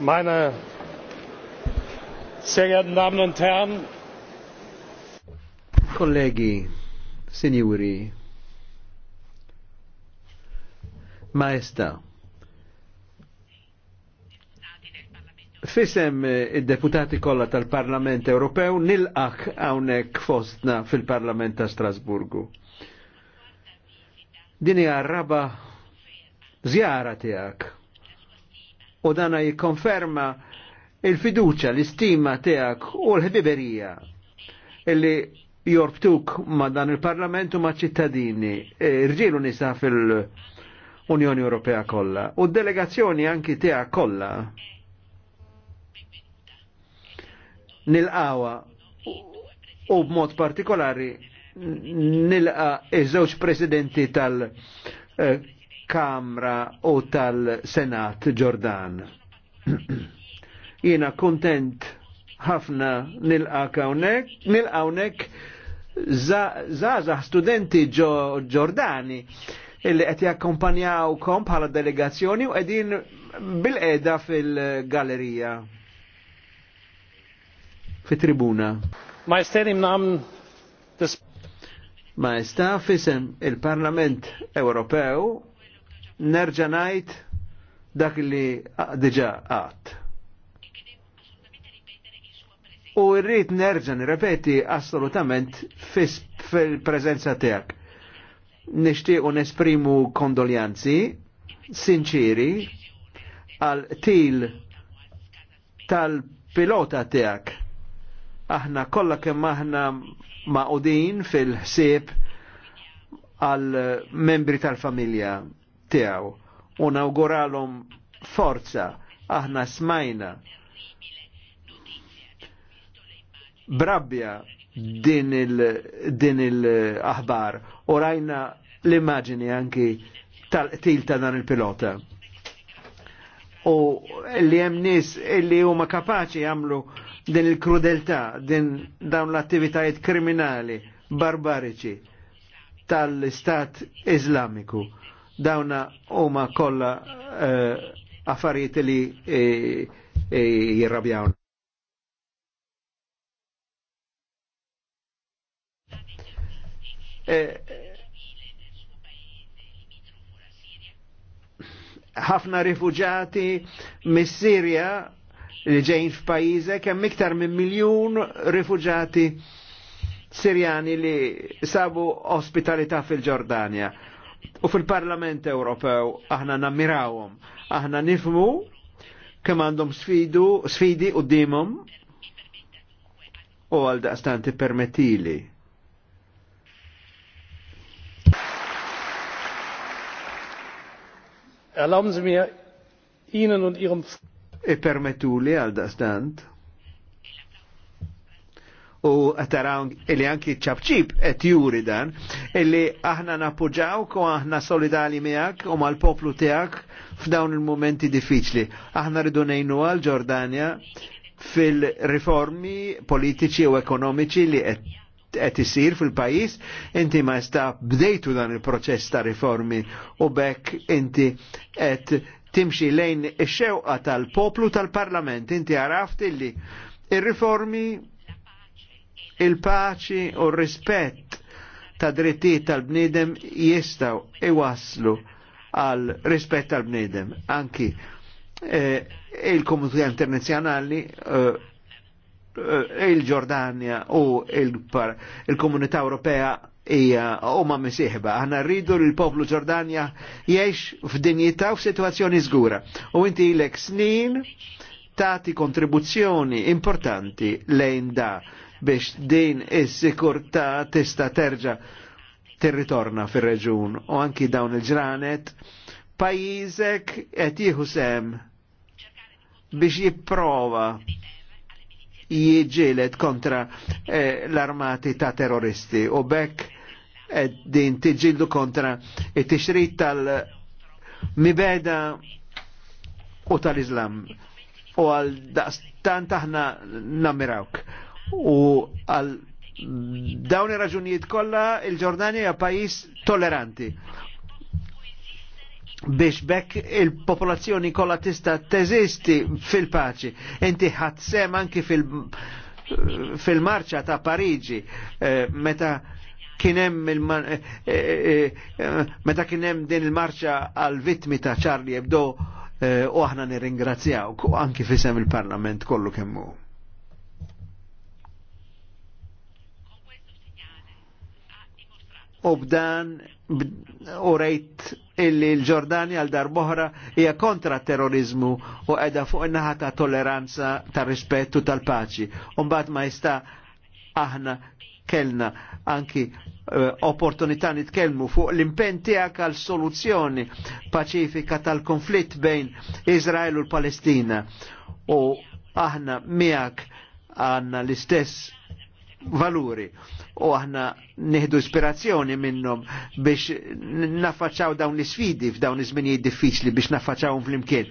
meine sehr geehrten Damen und Herren, kollegi, signori, maestà, Fisem id-deputati kollha tal-Parlament Ewropew nilqak hawnhekk fostna fil-Parlament ta' Strasburgu. Dini għarraba raba żjara tiegħek u dana jikkonferma il-fiduċa, l-istima tiegħek u l-ħbiberija illi jorbtuk ma dan il-parlamentu ma ċittadini, irġilu e, nisa fil-Unjoni Ewropea kollha u d-delegazzjoni anki kolla kollha nilqawa u b'mod partikolari nilqa iż-żewġ presidenti tal- e, tal-Kamra u tal-Senat Ġordan. Jiena kontent ħafna nil-għawnek, nil zaza studenti ġordani illi qed jakkompanjawkom bħala delegazzjoni u qegħdin bil-qeda fil-gallerija fit-tribuna. Majestà imnam Majestà fisem il-Parlament Ewropew nerġa' ngħid dak li diġà qatt. U rrid nerġa' nirrepeti assolutament fil-preżenza tiegħek. Nixtiequ nesprimu kondoljanzi sinċiri għal til tal-pilota tiegħek. Aħna kollha kemm aħna maqudin fil-ħsieb għal membri tal-familja tiegħu u nawguralhom forza aħna smajna brabja din il-aħbar il u rajna l-immaġini anki tal-qtil ta' dan il-pilota. U li hemm nies li huma kapaċi jagħmlu din il-krudeltà, din dawn l-attivitajiet kriminali barbariċi tal-Istat Islamiku Dawna huma kollha uh, affarijiet li uh, uh, jirrabjawna. ħafna rifuġati mis-Sirja li ġejn f'pajjiżek kemm iktar minn miljun rifuġati Sirjani li sabu ospitalità fil-Ġordania u fil-Parlament Ewropew aħna nammirawhom. Aħna nifmu kemm għandhom sfidu, sfidi u dimhom u għal daqstan permettili. Erlauben Sie mir Ihnen und Ihrem. E permettuli għal daqstant u taraw illi anki ċabċib et juri dan, illi aħna napoġawk u aħna solidali miegħek u mal-poplu tiegħek f'dawn il-momenti diffiċli. Aħna rridu nejnu għal Ġordania fil-riformi politiċi u ekonomiċi li qed isir fil-pajjiż, inti ma sta bdejtu dan il-proċess ta' riformi u bekk inti qed timxi lejn ix-xewqa tal-poplu tal-parlament. Inti għaraft illi ir-riformi il-paċi u rispett ta' drittijiet tal bnidem jistaw iwaslu għal rispett tal bnidem Anki eh, il-komunità internazjonali eh, eh, il-Ġordania u il-komunità il Ewropea hija ma' misieħba. Aħna rridu l poplu Ġordania jiex f'dinjita u f'sitwazzjoni zgura. U inti l-ek snin tati kontribuzzjoni importanti lejn da biex din is-sikurtà tista' terġa' tirritorna fir-reġun u anki dawn il-ġranet pajjiżek qed jieħu sem biex jipprova jieġilet kontra eh, l-armati ta' terroristi u bekk din tiġildu kontra it-tixrit tal-mibeda u tal-Islam u għal daqstan aħna namirawk. U għal dawn raġunijiet kollha il-Ġordania hija pajjiż tolleranti biex bekk il-popolazzjoni kollha tista' teżisti fil-paċi. Inti sem anki fil- fil-marċa ta' Parigi. Eh, meta kienem eh, eh, meta kienem din il-marċa għal vitmi ta' Charlie Hebdo u aħna nirringrazzjawk u anki fisem il-Parlament kollu kemmu. u b'dan u rejt illi l-Ġordani għal darboħra hija kontra terrorizmu u edha fuq in ta' tolleranza ta' rispettu tal-paċi. Umbat ma jista' aħna kellna anki eh, opportunità nitkellmu fuq l-impen tiegħek għal soluzzjoni paċifika tal-konflitt bejn Izrael u l-Palestina. U aħna miegħek għandna l-istess valuri u aħna nieħdu ispirazzjoni minnhom biex naffaċċaw dawn l-isfidi f'dawn iż-żminijiet diffiċli biex naffaċċawhom flimkien.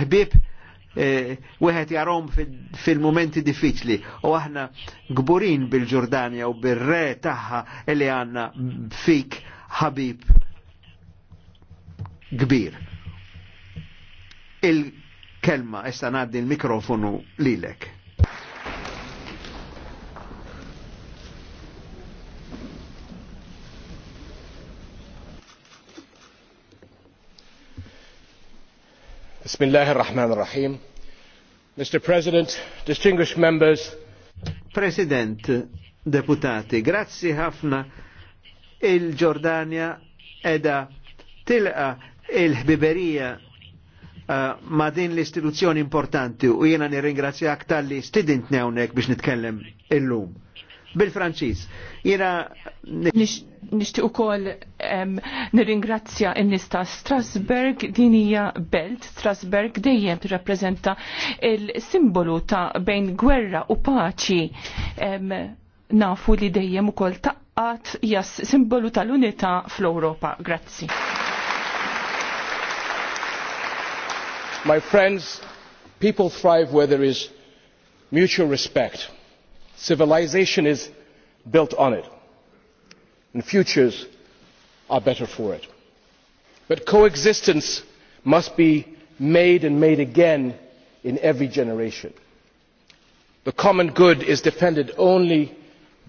Ħbieb eh, wieħed jarom fil-momenti diffiċli u aħna gburin bil-Ġordania u bil re tagħha li għandna fik ħabib kbir. Il-kelma issa ngħaddi l-mikrofonu lilek. Mr. President, distinguished members. President, deputati, grazzi ħafna il-Ġordania edha tilqa il-ħbiberija uh, ma din l-istituzzjoni importanti u jena nirringrazzjak tal-li stidintni hawnhekk biex nitkellem illum bil-Franċiż. Jiena nixtieq ukoll nirringrazzja n nista Strasberg din hija belt Strasberg dejjem tirrappreżenta il-simbolu ta' bejn gwerra u paċi nafu li dejjem ukoll taqqat jas simbolu tal-unità fl-Ewropa. Grazzi. My friends, people thrive where there is mutual respect Civilization is built on it, and futures are better for it. But coexistence must be made and made again in every generation. The common good is defended only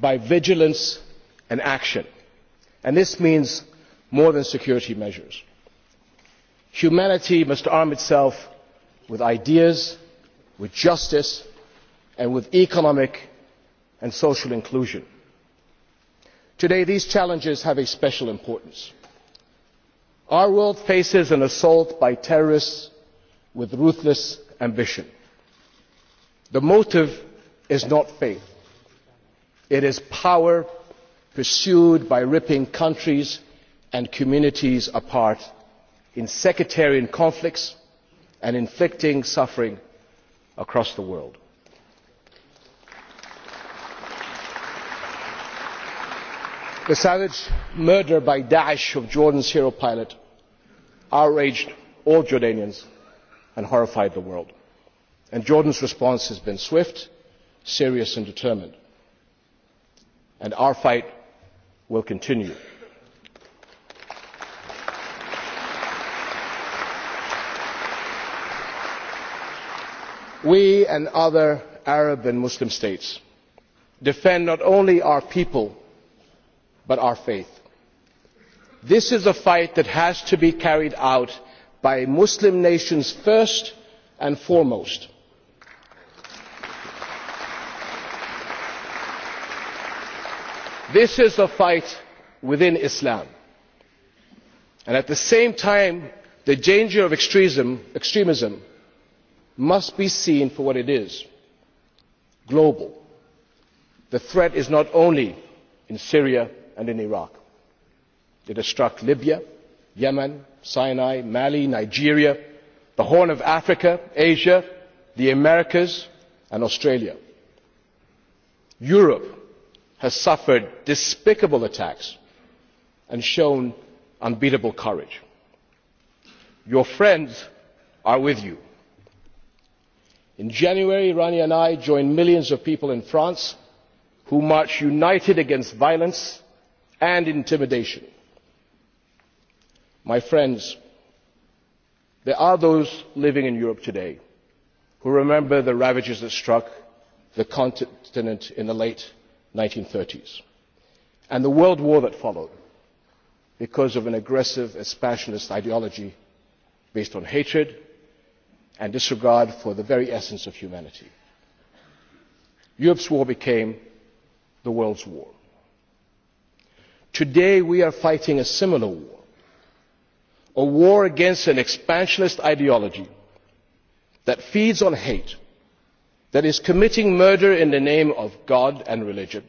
by vigilance and action, and this means more than security measures. Humanity must arm itself with ideas, with justice, and with economic and social inclusion. Today, these challenges have a special importance. Our world faces an assault by terrorists with ruthless ambition. The motive is not faith. It is power pursued by ripping countries and communities apart in sectarian conflicts and inflicting suffering across the world. The savage murder by Daesh of Jordan's hero pilot outraged all Jordanians and horrified the world. And Jordan's response has been swift, serious and determined. And our fight will continue. We and other Arab and Muslim states defend not only our people but our faith. This is a fight that has to be carried out by Muslim nations first and foremost. This is a fight within Islam. And at the same time, the danger of extremism, extremism must be seen for what it is global. The threat is not only in Syria and in Iraq. It has struck Libya, Yemen, Sinai, Mali, Nigeria, the Horn of Africa, Asia, the Americas, and Australia. Europe has suffered despicable attacks and shown unbeatable courage. Your friends are with you. In January, Rani and I joined millions of people in France who marched united against violence and intimidation. My friends, there are those living in Europe today who remember the ravages that struck the continent in the late 1930s and the world war that followed because of an aggressive expansionist ideology based on hatred and disregard for the very essence of humanity. Europe's war became the world's war. Today we are fighting a similar war, a war against an expansionist ideology that feeds on hate, that is committing murder in the name of God and religion,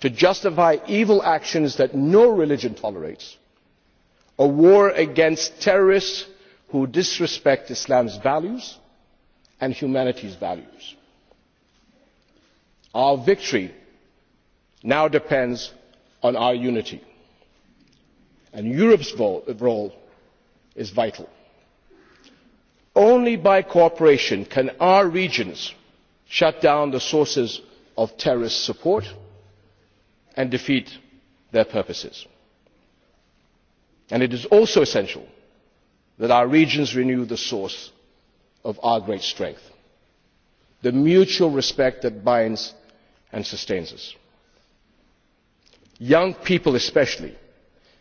to justify evil actions that no religion tolerates, a war against terrorists who disrespect Islam's values and humanity's values. Our victory now depends on our unity. And Europe's role is vital. Only by cooperation can our regions shut down the sources of terrorist support and defeat their purposes. And it is also essential that our regions renew the source of our great strength, the mutual respect that binds and sustains us young people especially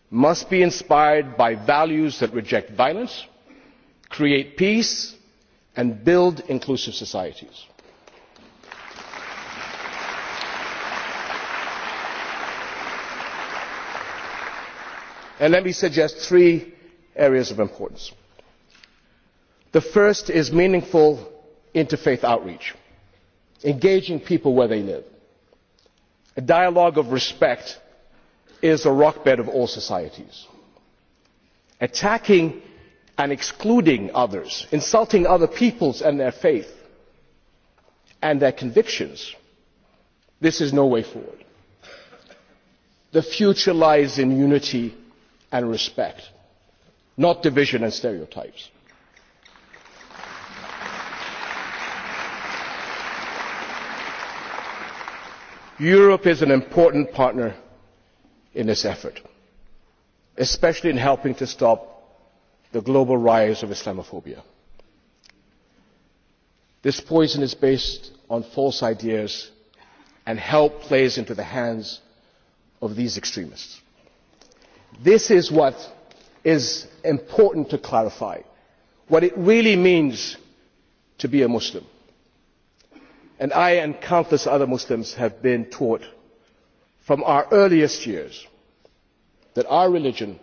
must be inspired by values that reject violence create peace and build inclusive societies. And let me suggest three areas of importance. The first is meaningful interfaith outreach, engaging people where they live, a dialogue of respect is a rock bed of all societies. Attacking and excluding others, insulting other peoples and their faith and their convictions, this is no way forward. The future lies in unity and respect, not division and stereotypes. Europe is an important partner in this effort, especially in helping to stop the global rise of Islamophobia. This poison is based on false ideas and help plays into the hands of these extremists. This is what is important to clarify, what it really means to be a Muslim. And I and countless other Muslims have been taught from our earliest years that our religion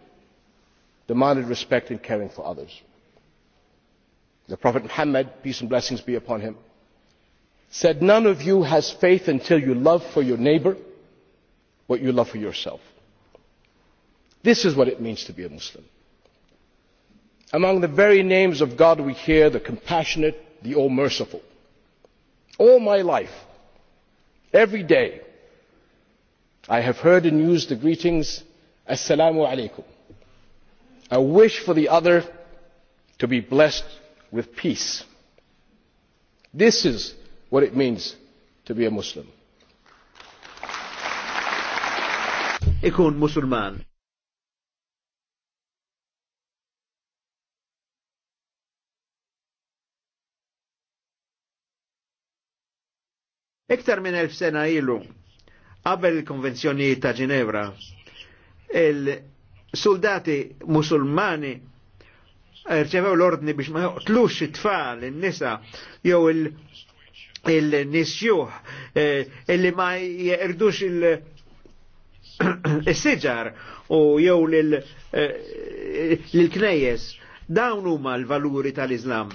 demanded respect and caring for others. The Prophet Muhammad, peace and blessings be upon him, said, None of you has faith until you love for your neighbor what you love for yourself. This is what it means to be a Muslim. Among the very names of God we hear the compassionate, the all merciful. All my life, every day, I have heard and used the greetings Assalamu alaikum. A wish for the other to be blessed with peace. This is what it means to be a Muslim. Ikun Musulman. Iktar minn elf sena ilu Qabel il-Konvenzjoni ta' Ginevra, il-soldati musulmani rċevew l-ordni biex ma joqtlux it-tfal, il-nisa, jew il-nisjuħ, eh, illi ma jirdux il-sġar u jew eh, l knejes Dawn huma l-valuri tal-Islam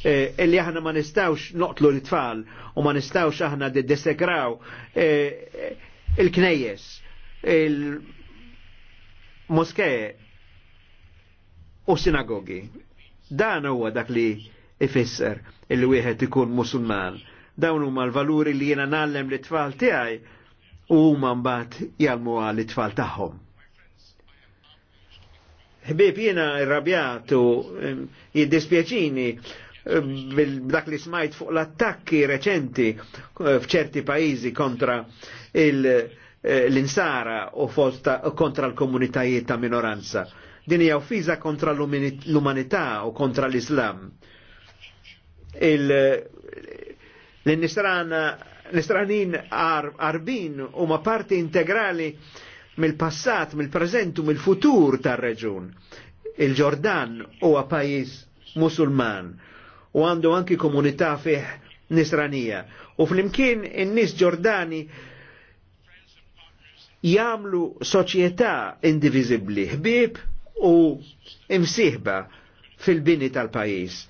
eh, illi aħna ma nistawx noqtlu l-tfal u ma nistawx aħna dissekraw il-knejjes, il-moskee u sinagogi. Dan huwa dak li ifisser il wieħed ikun musulman. Dawn huma l-valuri li jiena nallem li tfal tiegħi u huma mbagħad jalmu għal it-tfal tagħhom. Ħbib jiena irrabjat u jiddispjaċini bil-dak li smajt fuq l-attakki reċenti eh, f'ċerti pajjiżi kontra Eh, l-insara u fost kontra l-komunitajiet ta' minoranza. Din hija fiza kontra l-umanità u kontra l-Islam. L-nisranin arbin huma parti integrali mill-passat, mill-preżent u mill-futur tar-reġun. Il-Ġordan huwa pajjiż musulman u għandu anki komunità fih nisranija. U fl-imkien in-nies Ġordani jamlu soċjetà indivizibli, ħbib u imsiħba fil-bini tal-pajis.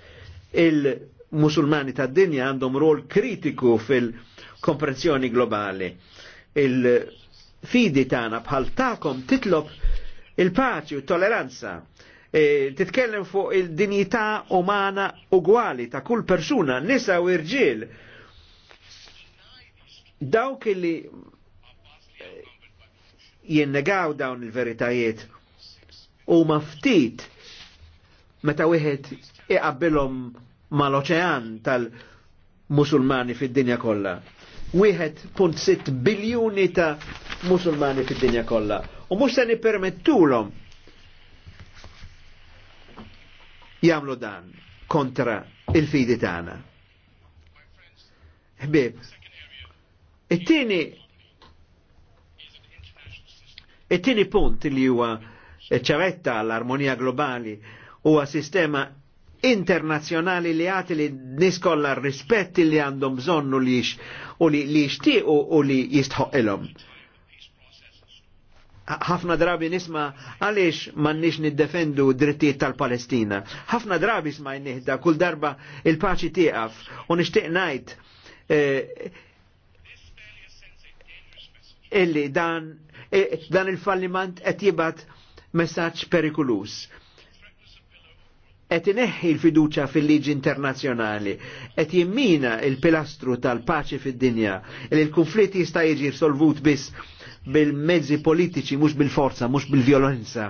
Il-Musulmani tad-dinja għandhom rol kritiku fil-komprensjoni globali. Il-fidi tagħna bħal takom titlob il-paċi u tolleranza. E, titkellem fuq il-dinjità umana ugwali ta' kull persuna, nisa u irġiel. Dawk li jinnegaw dawn il-veritajiet u maftit meta wieħed iqabbilhom mal-oċean tal-Musulmani fid-dinja kollha. wieħed punt sitt biljuni ta' Musulmani fid-dinja kollha. U mhux se nippermettulhom jagħmlu dan kontra il-fidi tagħna. Ħbieb, it-tieni It-tieni punt li huwa ċavetta l-armonija globali huwa sistema internazzjonali li għati li niskolla rispetti li għandhom bżonnu li u li jishtiqu u li jistħoqilhom. ħafna drabi nisma għaliex mannix niddefendu drittijiet tal-Palestina. ħafna drabi sma jnihda kull darba il-paċi tieqaf u nixtieq ngħid eh, illi dan E, dan il-falliment qed jibgħat messaġġ perikulus qed ineħħi l-fiduċa fil-liġi internazzjonali, qed jimmina il-pilastru tal-paċi fid-dinja, li l-konflitt jista' jiġi solvut biss bil-mezzi politiċi mhux bil-forza, mhux bil-vjolenza.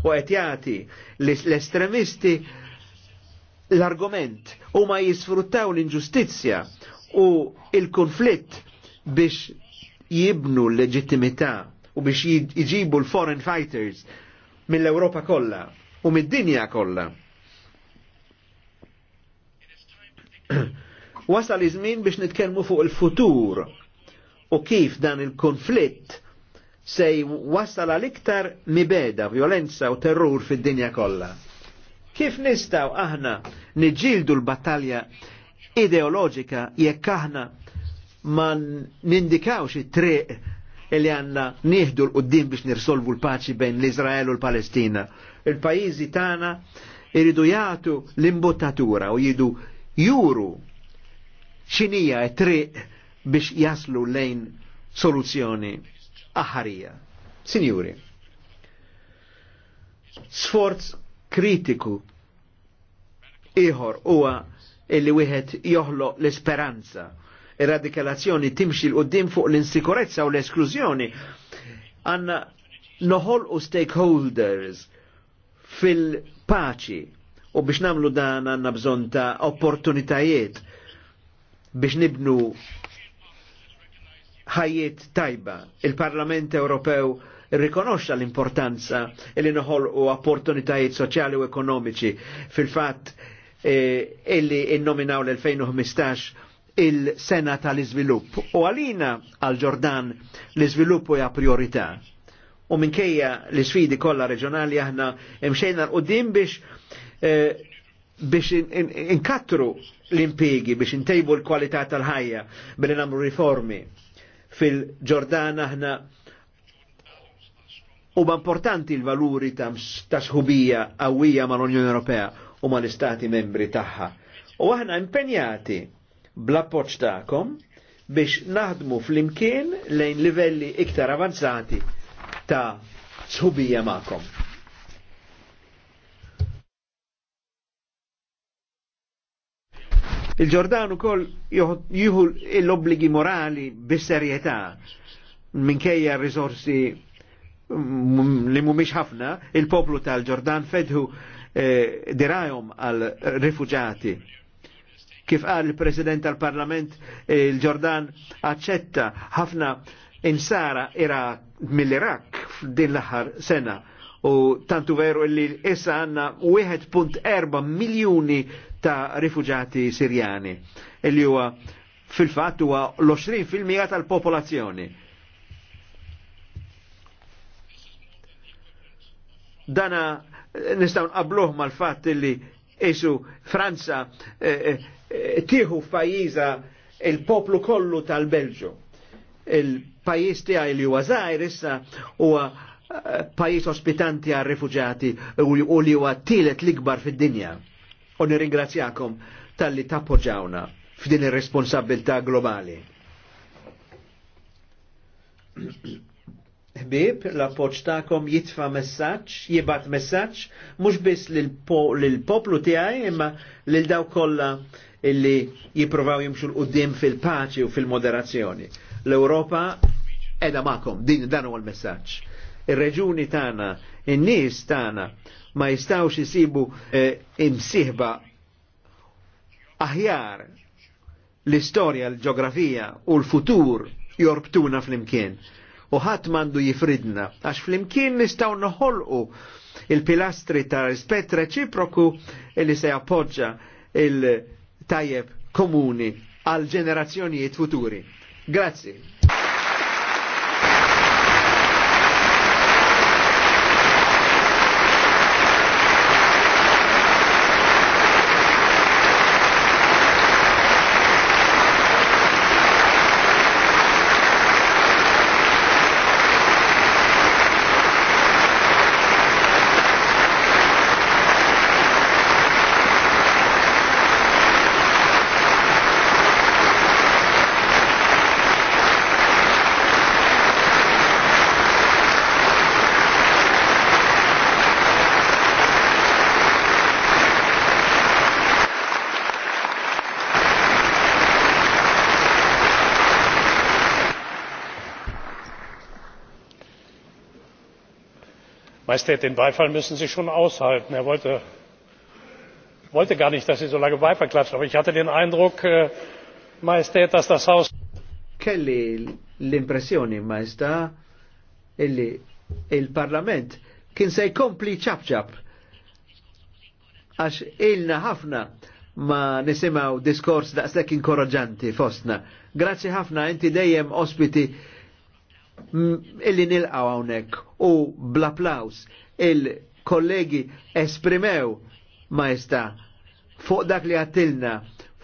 U qed jagħti l-estremisti l-argument u ma jisfruttaw l-inġustizzja u il-konflitt biex jibnu l-leġittimità u biex iġibu l-foreign fighters mill-Europa kollha u mid-dinja kollha. Wasal iż-żmien biex nitkellmu fuq il-futur u kif dan il-konflitt se wasal għal iktar mibeda, violenza u terrur fid-dinja kollha. Kif nistaw aħna niġildu l-battalja ideoloġika jekk aħna ma nindikawx it-triq li għanna nieħdu l-qoddim biex nirsolvu l-paċi bejn l-Izrael u l-Palestina. Il-pajizi tana iridu jagħtu l-imbottatura u jidu juru xinija triq biex jaslu lejn soluzzjoni aħarija. Sinjuri, sforz kritiku ieħor huwa illi wieħed joħloq l-isperanza ir-radikalazzjoni timxi l-qoddim fuq l-insikurezza u l-esklużjoni. Għanna noħol u stakeholders fil-paċi u biex namlu dan għanna bżon ta' opportunitajiet biex nibnu ħajiet tajba. Il-Parlament Ewropew rikonoxxa l-importanza li noħol u opportunitajiet soċjali u ekonomiċi fil-fatt eh, illi innominaw l-2015 il-sena tal-izvilupp. U għalina għal-ġordan l-izvilupp hija priorità. U minkejja l-sfidi kollha reġjonali aħna imxejna l-qudiem biex eh, biex inkattru l-impiegi, biex intejbu l-kwalità tal-ħajja billi namlu riformi. Fil-ġordan aħna u importanti l-valuri ta' sħubija għawija ma' l-Unjoni Ewropea u ma' l-Istati membri tagħha. U aħna impenjati bl-appoċ ta'kom biex naħdmu fl-imkien lejn livelli iktar avanzati ta' sħubija ma'kom. Il-ġordanu kol juhu l-obligi morali bis-serjetà minkejja risorsi mm, li mumiex ħafna, il-poplu tal-ġordan fedhu eh, dirajom għal rifugjati Kif qal il-President tal-Parlament il-Ġordan aċċetta ħafna insara ira mill-Iraq din l-aħħar sena u tantu veru illi issa għanna 1.4 miljoni ta' rifugjati sirjani illi huwa fil-fatt huwa l-20% fil tal-popolazzjoni. Dana nistaw nqabluh mal-fatt illi isu e Franza eh, eh, tiħu fajiza il-poplu kollu tal-Belġu. il pajis tiegħi il huwa żgħir issa u eh, pajjiż ospitanti għal rifuġati u li huwa tielet l-ikbar fid-dinja. U nirringrazzjakom tal-li tappoġawna f'din ir responsabilta globali ħbib, l-appoċ ta'kom jitfa messaċ, jibat messaċ, mux bis l-poplu tijaj, imma l-daw kolla illi jiprovaw jimxu l-qoddim fil-paċi u fil-moderazzjoni. L-Europa edha ma'kom, din dan huwa l-messaċ. Ir-reġuni tagħna, in-nies tagħna ma jistawx jisibu eh, imsiħba aħjar l-istorja, l ġografija u l-futur jorbtuna fl-imkien u ħadd m'għandu jifridna għax flimkien nistgħu noħolqu il-pilastri ta' rispett reċiproku li se jappoġġa il-tajjeb komuni għal ġenerazzjonijiet futuri. Grazzi. majestät den beifall müssen sie schon aushalten. er wollte, gar nicht dass sie so lange beifall klatschen aber ich hatte den eindruck äh, majestät dass das haus. kelli l-impressjoni majestà illi il-parlament kien se jkompli ċabċab għax ilna ħafna ma nisimaw diskors daqslek inkoraġanti fostna. Grazzi ħafna, inti dejjem ospiti Mm, illi nilqaw hawnhekk u bl-applaus il-kollegi esprimew jista' fuq dak li għattilna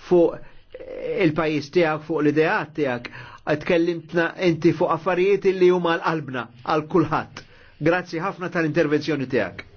fuq il-pajis tiegħek fuq l-ideat tiegħek tkellimtna inti fuq affarijiet li huma l-qalbna għal kulħadd. Grazzi ħafna tal-intervenzjoni tiegħek.